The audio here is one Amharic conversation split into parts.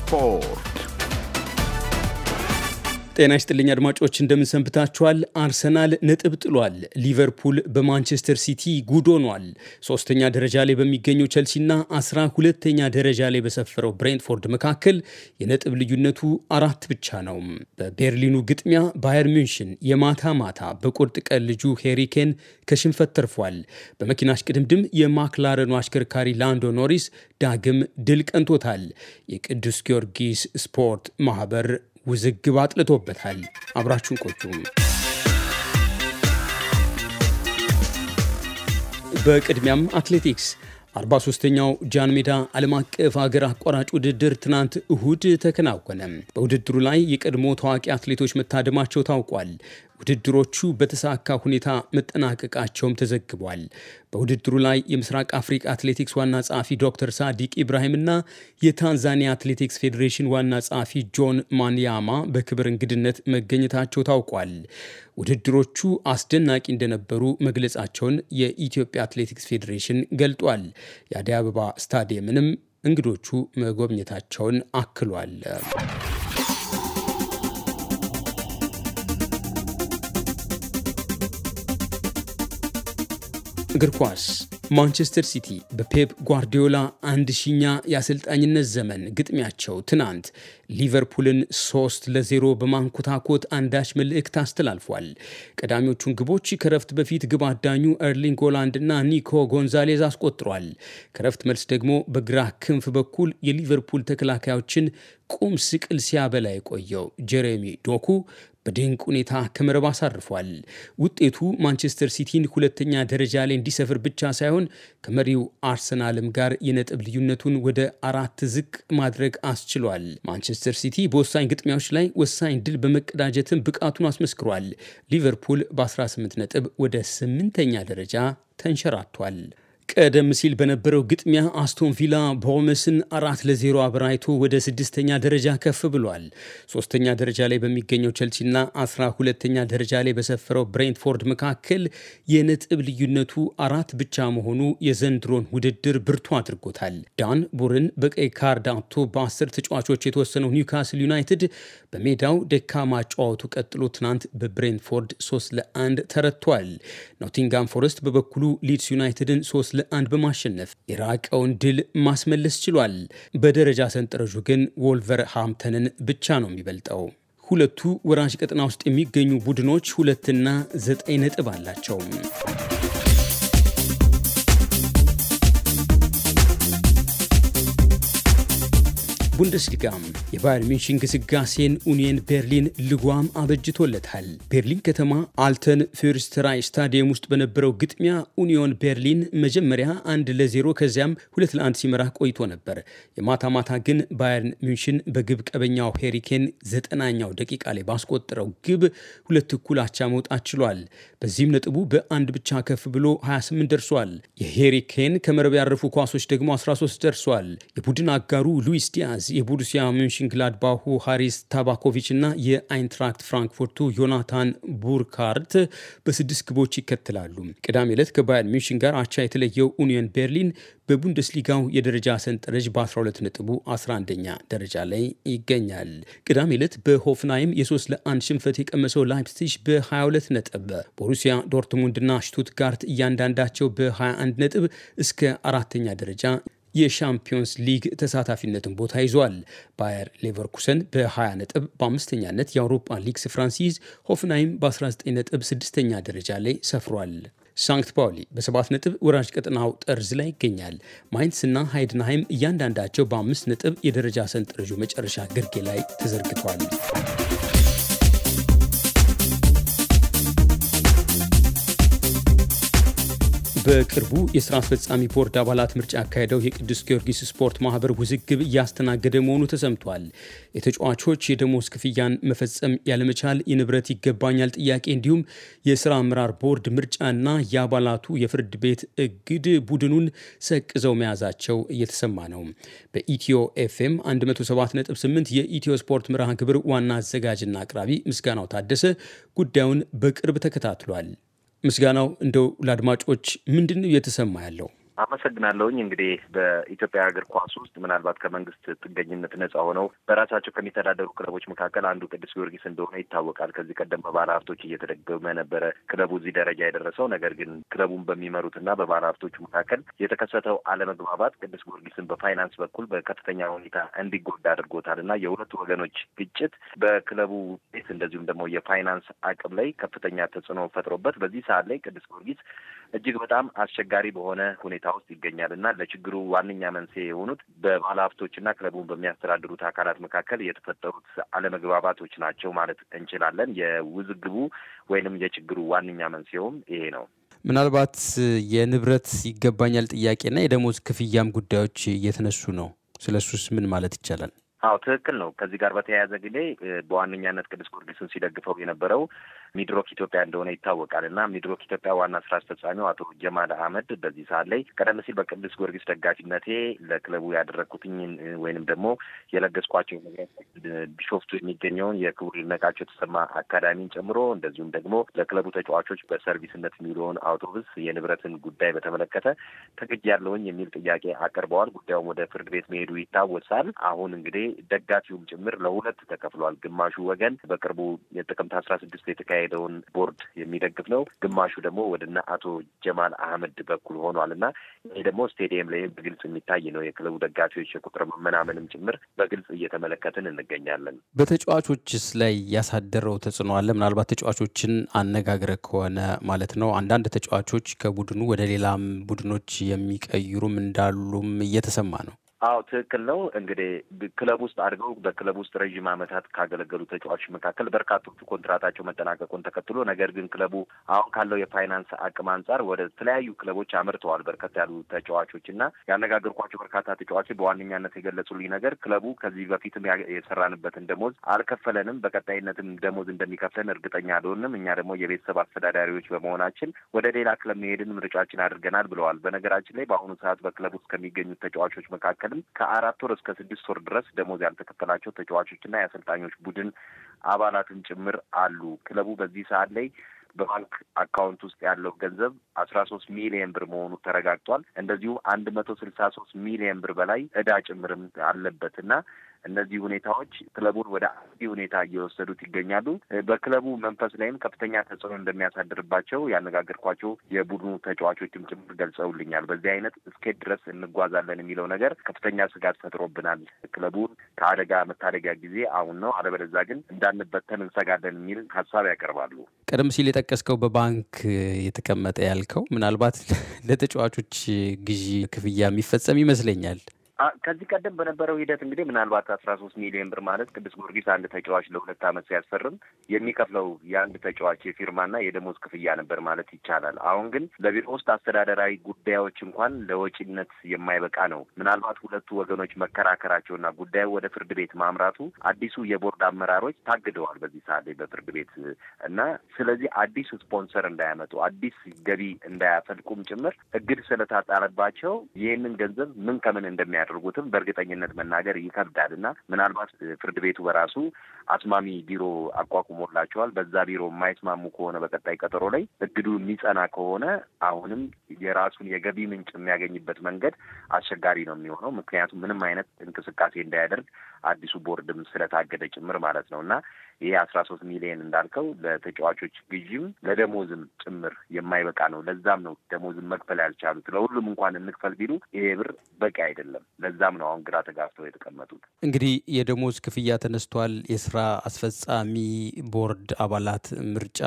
spor. ጤና ይስጥልኝ አድማጮች፣ እንደምንሰንብታችኋል። አርሰናል ነጥብ ጥሏል። ሊቨርፑል በማንቸስተር ሲቲ ጉድ ሆኗል። ሶስተኛ ደረጃ ላይ በሚገኘው ቸልሲና አስራ ሁለተኛ ደረጃ ላይ በሰፈረው ብሬንትፎርድ መካከል የነጥብ ልዩነቱ አራት ብቻ ነው። በቤርሊኑ ግጥሚያ ባየር ሚንሽን የማታ ማታ በቁርጥ ቀን ልጁ ሄሪኬን ከሽንፈት ተርፏል። በመኪና ቅድምድም የማክላረኑ አሽከርካሪ ላንዶ ኖሪስ ዳግም ድል ቀንቶታል። የቅዱስ ጊዮርጊስ ስፖርት ማህበር ውዝግብ አጥልቶበታል። አብራችሁን ቆዩም። በቅድሚያም አትሌቲክስ 43ኛው ጃን ሜዳ ዓለም አቀፍ አገር አቋራጭ ውድድር ትናንት እሁድ ተከናወነ። በውድድሩ ላይ የቀድሞ ታዋቂ አትሌቶች መታደማቸው ታውቋል። ውድድሮቹ በተሳካ ሁኔታ መጠናቀቃቸውም ተዘግቧል። በውድድሩ ላይ የምስራቅ አፍሪካ አትሌቲክስ ዋና ጸሐፊ ዶክተር ሳዲቅ ኢብራሂምና የታንዛኒያ አትሌቲክስ ፌዴሬሽን ዋና ጸሐፊ ጆን ማንያማ በክብር እንግድነት መገኘታቸው ታውቋል። ውድድሮቹ አስደናቂ እንደነበሩ መግለጻቸውን የኢትዮጵያ አትሌቲክስ ፌዴሬሽን ገልጧል። የአዲስ አበባ ስታዲየምንም እንግዶቹ መጎብኘታቸውን አክሏል። እግር ኳስ ማንቸስተር ሲቲ በፔፕ ጓርዲዮላ አንድ ሺኛ የአሰልጣኝነት ዘመን ግጥሚያቸው ትናንት ሊቨርፑልን ለ ለዜሮ በማንኮታኮት አንዳች መልእክት አስተላልፏል። ቀዳሚዎቹን ግቦች ከረፍት በፊት ግብ አዳኙ ኤርሊንግ ሆላንድ እና ኒኮ ጎንዛሌዝ አስቆጥሯል። ከረፍት መልስ ደግሞ በግራ ክንፍ በኩል የሊቨርፑል ተከላካዮችን ቁም ስቅል ሲያበላ የቆየው ጀሬሚ ዶኩ በድንቅ ሁኔታ ከመረብ አሳርፏል። ውጤቱ ማንቸስተር ሲቲን ሁለተኛ ደረጃ ላይ እንዲሰፍር ብቻ ሳይሆን ከመሪው አርሰናልም ጋር የነጥብ ልዩነቱን ወደ አራት ዝቅ ማድረግ አስችሏል። ማንቸስተር ሲቲ በወሳኝ ግጥሚያዎች ላይ ወሳኝ ድል በመቀዳጀትም ብቃቱን አስመስክሯል። ሊቨርፑል በ18 ነጥብ ወደ ስምንተኛ ደረጃ ተንሸራቷል። ቀደም ሲል በነበረው ግጥሚያ አስቶን ቪላ ቦርመስን አራት ለዜሮ አብራይቶ ወደ ስድስተኛ ደረጃ ከፍ ብሏል። ሶስተኛ ደረጃ ላይ በሚገኘው ቸልሲና አስራ ሁለተኛ ደረጃ ላይ በሰፈረው ብሬንትፎርድ መካከል የነጥብ ልዩነቱ አራት ብቻ መሆኑ የዘንድሮን ውድድር ብርቱ አድርጎታል። ዳን ቡርን በቀይ ካርድ አቶ በአስር ተጫዋቾች የተወሰነው ኒውካስል ዩናይትድ በሜዳው ደካማ ማጫወቱ ቀጥሎ ትናንት በብሬንትፎርድ ሶስት ለአንድ ተረቷል። ኖቲንጋም ፎረስት በበኩሉ ሊድስ ዩናይትድን ሶስት ለአንድ በማሸነፍ የራቀውን ድል ማስመለስ ችሏል። በደረጃ ሰንጠረዡ ግን ወልቨር ሃምተንን ብቻ ነው የሚበልጠው። ሁለቱ ወራጅ ቀጠና ውስጥ የሚገኙ ቡድኖች ሁለትና ዘጠኝ ነጥብ አላቸው። ቡንደስሊጋም የባየር ሚንሽን ግስጋሴን ኡኒየን ቤርሊን ልጓም አበጅቶለታል። ቤርሊን ከተማ አልተን ፊርስትራይ ስታዲየም ውስጥ በነበረው ግጥሚያ ኡኒዮን ቤርሊን መጀመሪያ አንድ ለዜሮ ከዚያም ሁለት ለአንድ ሲመራ ቆይቶ ነበር። የማታ ማታ ግን ባየርን ሚንሽን በግብ ቀበኛው ሄሪኬን ዘጠናኛው ደቂቃ ላይ ባስቆጠረው ግብ ሁለት እኩል አቻ መውጣት ችሏል። በዚህም ነጥቡ በአንድ ብቻ ከፍ ብሎ 28 ደርሷል። የሄሪኬን ከመረብ ያረፉ ኳሶች ደግሞ 13 ደርሷል። የቡድን አጋሩ ሉዊስ ዲያዝ የቦሩሲያ ሚንሽን ግላድባሁ ሃሪስ ታባኮቪች እና የአይንትራክት ፍራንክፉርቱ ዮናታን ቡርካርት በስድስት ግቦች ይከትላሉ። ቅዳሜ ዕለት ከባየር ሚንሽን ጋር አቻ የተለየው ኡኒየን ቤርሊን በቡንደስሊጋው የደረጃ ሰንጠረዥ በ12 ነጥቡ 11ኛ ደረጃ ላይ ይገኛል። ቅዳሜ ዕለት በሆፍናይም የ3 ለ1 ሽንፈት የቀመሰው ላይፕስቲሽ በ22 ነጥብ፣ ቦሩሲያ ዶርትሙንድና ሽቱትጋርት እያንዳንዳቸው በ21 ነጥብ እስከ አራተኛ ደረጃ የሻምፒዮንስ ሊግ ተሳታፊነትን ቦታ ይዟል። ባየር ሌቨርኩሰን በ20 ነጥብ በአምስተኛነት የአውሮፓ ሊግ ስፍራን ሲይዝ፣ ሆፍንሃይም በ19 ነጥብ ስድስተኛ ደረጃ ላይ ሰፍሯል። ሳንክት ፓውሊ በሰባት ነጥብ ወራጅ ቀጠናው ጠርዝ ላይ ይገኛል። ማይንስና ሃይድንሃይም እያንዳንዳቸው በአምስት ነጥብ የደረጃ ሰንጠረዡ መጨረሻ ግርጌ ላይ ተዘርግቷል። በቅርቡ የስራ አስፈጻሚ ቦርድ አባላት ምርጫ ያካሄደው የቅዱስ ጊዮርጊስ ስፖርት ማህበር ውዝግብ እያስተናገደ መሆኑ ተሰምቷል። የተጫዋቾች የደሞዝ ክፍያን መፈጸም ያለመቻል፣ የንብረት ይገባኛል ጥያቄ እንዲሁም የስራ አመራር ቦርድ ምርጫና የአባላቱ የፍርድ ቤት እግድ ቡድኑን ሰቅዘው መያዛቸው እየተሰማ ነው። በኢትዮ ኤፍኤም 107.8 የኢትዮ ስፖርት መርሃ ግብር ዋና አዘጋጅና አቅራቢ ምስጋናው ታደሰ ጉዳዩን በቅርብ ተከታትሏል። ምስጋናው እንደው ለአድማጮች ምንድን ነው እየተሰማ ያለው? አመሰግናለሁኝ። እንግዲህ በኢትዮጵያ እግር ኳስ ውስጥ ምናልባት ከመንግስት ጥገኝነት ነጻ ሆነው በራሳቸው ከሚተዳደሩ ክለቦች መካከል አንዱ ቅዱስ ጊዮርጊስ እንደሆነ ይታወቃል። ከዚህ ቀደም በባለ ሀብቶች እየተደገመ ነበረ ክለቡ እዚህ ደረጃ የደረሰው። ነገር ግን ክለቡን በሚመሩትና በባለ ሀብቶቹ መካከል የተከሰተው አለመግባባት ቅዱስ ጊዮርጊስን በፋይናንስ በኩል በከፍተኛ ሁኔታ እንዲጎዳ አድርጎታል እና የሁለቱ ወገኖች ግጭት በክለቡ ቤት እንደዚሁም ደግሞ የፋይናንስ አቅም ላይ ከፍተኛ ተጽዕኖ ፈጥሮበት በዚህ ሰዓት ላይ ቅዱስ ጊዮርጊስ እጅግ በጣም አስቸጋሪ በሆነ ሁኔታ ውስጥ ይገኛል እና ለችግሩ ዋነኛ መንስኤ የሆኑት በባለ ሀብቶችና ክለቡን በሚያስተዳድሩት አካላት መካከል የተፈጠሩት አለመግባባቶች ናቸው ማለት እንችላለን። የውዝግቡ ወይንም የችግሩ ዋነኛ መንስኤውም ይሄ ነው። ምናልባት የንብረት ይገባኛል ጥያቄና የደሞዝ ክፍያም ጉዳዮች እየተነሱ ነው። ስለ እሱስ ምን ማለት ይቻላል? አዎ ትክክል ነው። ከዚህ ጋር በተያያዘ ጊዜ በዋነኛነት ቅዱስ ጊዮርጊስን ሲደግፈው የነበረው ሚድሮክ ኢትዮጵያ እንደሆነ ይታወቃል እና ሚድሮክ ኢትዮጵያ ዋና ስራ አስፈጻሚው አቶ ጀማል አህመድ በዚህ ሰዓት ላይ ቀደም ሲል በቅዱስ ጊዮርጊስ ደጋፊነቴ ለክለቡ ያደረግኩትኝ ወይንም ደግሞ የለገስኳቸው ቢሾፍቱ የሚገኘውን የክቡር ይድነቃቸው የተሰማ አካዳሚን ጨምሮ እንደዚሁም ደግሞ ለክለቡ ተጫዋቾች በሰርቪስነት የሚውለውን አውቶቡስ የንብረትን ጉዳይ በተመለከተ ያለውን የሚል ጥያቄ አቅርበዋል። ጉዳዩም ወደ ፍርድ ቤት መሄዱ ይታወሳል። አሁን እንግዲህ ደጋፊውም ጭምር ለሁለት ተከፍሏል። ግማሹ ወገን በቅርቡ የጥቅምት አስራ ስድስት የተካሄደ የተካሄደውን ቦርድ የሚደግፍ ነው። ግማሹ ደግሞ ወደና አቶ ጀማል አህመድ በኩል ሆኗል እና ይህ ደግሞ ስቴዲየም ላይ በግልጽ የሚታይ ነው። የክለቡ ደጋፊዎች የቁጥር መመናመንም ጭምር በግልጽ እየተመለከትን እንገኛለን። በተጫዋቾችስ ላይ ያሳደረው ተጽዕኖ አለ? ምናልባት ተጫዋቾችን አነጋግረ ከሆነ ማለት ነው። አንዳንድ ተጫዋቾች ከቡድኑ ወደ ሌላም ቡድኖች የሚቀይሩም እንዳሉም እየተሰማ ነው። አዎ ትክክል ነው። እንግዲህ ክለብ ውስጥ አድገው በክለብ ውስጥ ረዥም ዓመታት ካገለገሉ ተጫዋቾች መካከል በርካቶቹ ኮንትራታቸው መጠናቀቁን ተከትሎ ነገር ግን ክለቡ አሁን ካለው የፋይናንስ አቅም አንጻር ወደ ተለያዩ ክለቦች አምርተዋል በርከት ያሉ ተጫዋቾች እና ያነጋገርኳቸው በርካታ ተጫዋቾች በዋነኛነት የገለጹልኝ ነገር ክለቡ ከዚህ በፊትም የሰራንበትን ደሞዝ አልከፈለንም፣ በቀጣይነትም ደሞዝ እንደሚከፍለን እርግጠኛ አልሆንም። እኛ ደግሞ የቤተሰብ አስተዳዳሪዎች በመሆናችን ወደ ሌላ ክለብ መሄድን ምርጫችን አድርገናል ብለዋል። በነገራችን ላይ በአሁኑ ሰዓት በክለብ ውስጥ ከሚገኙት ተጫዋቾች መካከል በመቀጠልም ከአራት ወር እስከ ስድስት ወር ድረስ ደሞዝ ያልተከፈላቸው ተጫዋቾችና የአሰልጣኞች ቡድን አባላትን ጭምር አሉ። ክለቡ በዚህ ሰዓት ላይ በባንክ አካውንት ውስጥ ያለው ገንዘብ አስራ ሶስት ሚሊየን ብር መሆኑ ተረጋግጧል። እንደዚሁም አንድ መቶ ስልሳ ሶስት ሚሊየን ብር በላይ እዳ ጭምርም አለበት እና እነዚህ ሁኔታዎች ክለቡን ወደ አስጊ ሁኔታ እየወሰዱት ይገኛሉ። በክለቡ መንፈስ ላይም ከፍተኛ ተጽዕኖ እንደሚያሳድርባቸው ያነጋገርኳቸው የቡድኑ ተጫዋቾችም ጭምር ገልጸውልኛል። በዚህ አይነት እስኬት ድረስ እንጓዛለን የሚለው ነገር ከፍተኛ ስጋት ፈጥሮብናል። ክለቡን ከአደጋ መታደጊያ ጊዜ አሁን ነው፣ አለበለዛ ግን እንዳንበተን እንሰጋለን የሚል ሀሳብ ያቀርባሉ። ቀደም ሲል የጠቀስከው በባንክ የተቀመጠ ያልከው ምናልባት ለተጫዋቾች ግዢ ክፍያ የሚፈጸም ይመስለኛል። ከዚህ ቀደም በነበረው ሂደት እንግዲህ ምናልባት አስራ ሶስት ሚሊዮን ብር ማለት ቅዱስ ጊዮርጊስ አንድ ተጫዋች ለሁለት ዓመት ሲያስፈርም የሚከፍለው የአንድ ተጫዋች የፊርማና የደሞዝ ክፍያ ነበር ማለት ይቻላል። አሁን ግን ለቢሮ ውስጥ አስተዳደራዊ ጉዳዮች እንኳን ለወጪነት የማይበቃ ነው። ምናልባት ሁለቱ ወገኖች መከራከራቸውና ጉዳዩ ወደ ፍርድ ቤት ማምራቱ አዲሱ የቦርድ አመራሮች ታግደዋል በዚህ ሰዓት ላይ በፍርድ ቤት እና ስለዚህ አዲስ ስፖንሰር እንዳያመጡ አዲስ ገቢ እንዳያፈልቁም ጭምር እግድ ስለታጣለባቸው ይህንን ገንዘብ ምን ከምን እንደሚያ እንደሚያደርጉትም በእርግጠኝነት መናገር ይከብዳል እና ምናልባት ፍርድ ቤቱ በራሱ አስማሚ ቢሮ አቋቁሞላቸዋል። በዛ ቢሮ የማይስማሙ ከሆነ በቀጣይ ቀጠሮ ላይ እግዱ የሚጸና ከሆነ አሁንም የራሱን የገቢ ምንጭ የሚያገኝበት መንገድ አስቸጋሪ ነው የሚሆነው። ምክንያቱም ምንም አይነት እንቅስቃሴ እንዳያደርግ አዲሱ ቦርድም ስለታገደ ጭምር ማለት ነው እና ይህ አስራ ሶስት ሚሊየን እንዳልከው ለተጫዋቾች ግዥም ለደሞዝም ጭምር የማይበቃ ነው። ለዛም ነው ደሞዝም መክፈል ያልቻሉት። ለሁሉም እንኳን እንክፈል ቢሉ ይሄ ብር በቂ አይደለም። ለዛም ነው አሁን ግራ ተጋብተው የተቀመጡት። እንግዲህ የደሞዝ ክፍያ ተነስቷል። የስራ አስፈጻሚ ቦርድ አባላት ምርጫ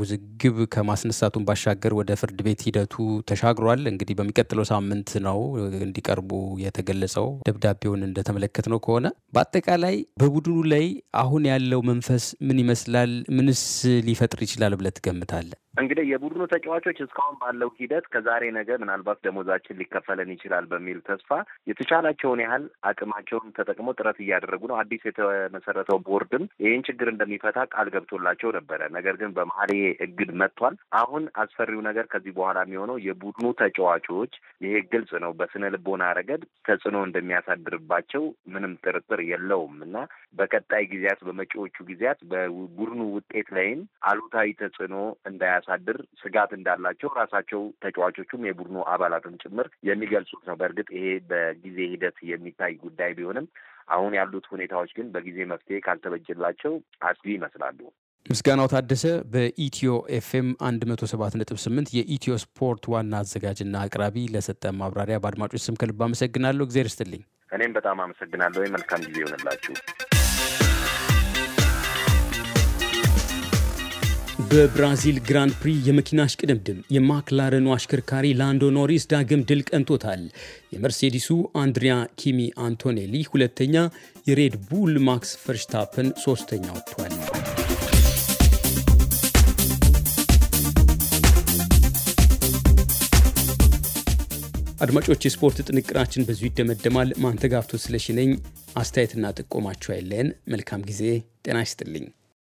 ውዝግብ ከማስነሳቱን ባሻገር ወደ ፍርድ ቤት ሂደቱ ተሻግሯል። እንግዲህ በሚቀጥለው ሳምንት ነው እንዲቀርቡ የተገለጸው። ደብዳቤውን እንደተመለከት ነው ከሆነ በአጠቃላይ በቡድኑ ላይ አሁን ያለው መንፈስ ምን ይመስላል? ምንስ ሊፈጥር ይችላል ብለህ ትገምታለህ? እንግዲህ የቡድኑ ተጫዋቾች እስካሁን ባለው ሂደት ከዛሬ ነገ ምናልባት ደሞዛችን ሊከፈለን ይችላል በሚል ተስፋ የተቻላቸውን ያህል አቅማቸውን ተጠቅሞ ጥረት እያደረጉ ነው። አዲስ የተመሰረተው ቦርድም ይህን ችግር እንደሚፈታ ቃል ገብቶላቸው ነበረ። ነገር ግን በመሀል ይሄ እግድ መጥቷል። አሁን አስፈሪው ነገር ከዚህ በኋላ የሚሆነው የቡድኑ ተጫዋቾች ይሄ ግልጽ ነው፣ በስነ ልቦና ረገድ ተጽዕኖ እንደሚያሳድርባቸው ምንም ጥርጥር የለውም እና በቀጣይ ጊዜያት በመጪዎቹ ጊዜያት በቡድኑ ውጤት ላይም አሉታዊ ተጽዕኖ እንዳያ የሚያሳድር ስጋት እንዳላቸው ራሳቸው ተጫዋቾቹም የቡድኑ አባላትም ጭምር የሚገልጹት ነው። በእርግጥ ይሄ በጊዜ ሂደት የሚታይ ጉዳይ ቢሆንም አሁን ያሉት ሁኔታዎች ግን በጊዜ መፍትሄ ካልተበጀላቸው አስጊ ይመስላሉ። ምስጋናው ታደሰ በኢትዮ ኤፍኤም 107.8 የኢትዮ ስፖርት ዋና አዘጋጅና አቅራቢ ለሰጠ ማብራሪያ በአድማጮች ስም ከልብ አመሰግናለሁ። እግዜር ይስጥልኝ። እኔም በጣም አመሰግናለሁ። መልካም ጊዜ ይሆንላችሁ። በብራዚል ግራንድ ፕሪ የመኪና አሽቅድምድም የማክላረኑ አሽከርካሪ ላንዶ ኖሪስ ዳግም ድል ቀንቶታል። የመርሴዲሱ አንድሪያ ኪሚ አንቶኔሊ ሁለተኛ፣ የሬድ ቡል ማክስ ፈርሽታፕን ሶስተኛ ወጥቷል። አድማጮች፣ የስፖርት ጥንቅራችን በዙ ይደመደማል። ማንተጋፍቶ ስለሽነኝ አስተያየትና ጥቆማችሁ አይለን። መልካም ጊዜ። ጤና ይስጥልኝ።